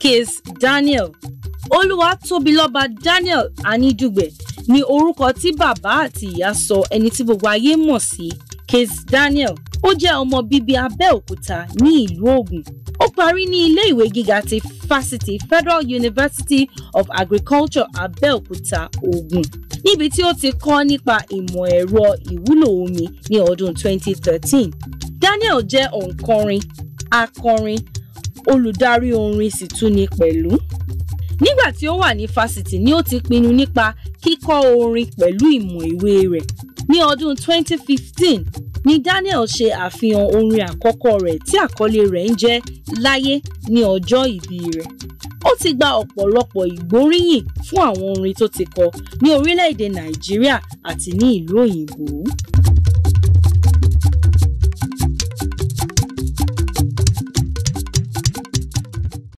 case Daniel Olúwatóbilọ́ba Daniel Anidugbe ni orúkọ tí bàbá àti ìyá sọ ẹni tí gbogbo ayé mọ̀ sí case Daniel ó jẹ́ ọmọ bíbí Abẹ́òkúta ní ìlú Ògùn ó parí ní ilé ìwé gíga ti fásitì Federal University of Agriculture Abẹ́òkúta Ògùn níbi tí ó ti kọ́ nípa ìmọ̀ ẹ̀rọ ìwúlò omi ní ọdún 2013 Daniel jẹ́ òǹkọrin akọrin olùdarí orin sì tún ni pẹ̀lú. nígbà tí ó wà ní fásitì ni ó ti pinnu nípa kíkọ́ orin pẹ̀lú ìmọ̀ ìwé rẹ̀ ní ọdún 2015 ni Daniel ṣe àfihàn orin àkọ́kọ́ rẹ̀ tí àkọlé rẹ̀ ń jẹ́ láyé ní ọjọ́ ìbí rẹ̀ ó ti gba ọ̀pọ̀lọpọ̀ ìgbóríyìn fún àwọn orin tó ti kọ ní orílẹ̀-èdè Nàìjíríà àti ní ìlú òyìnbó.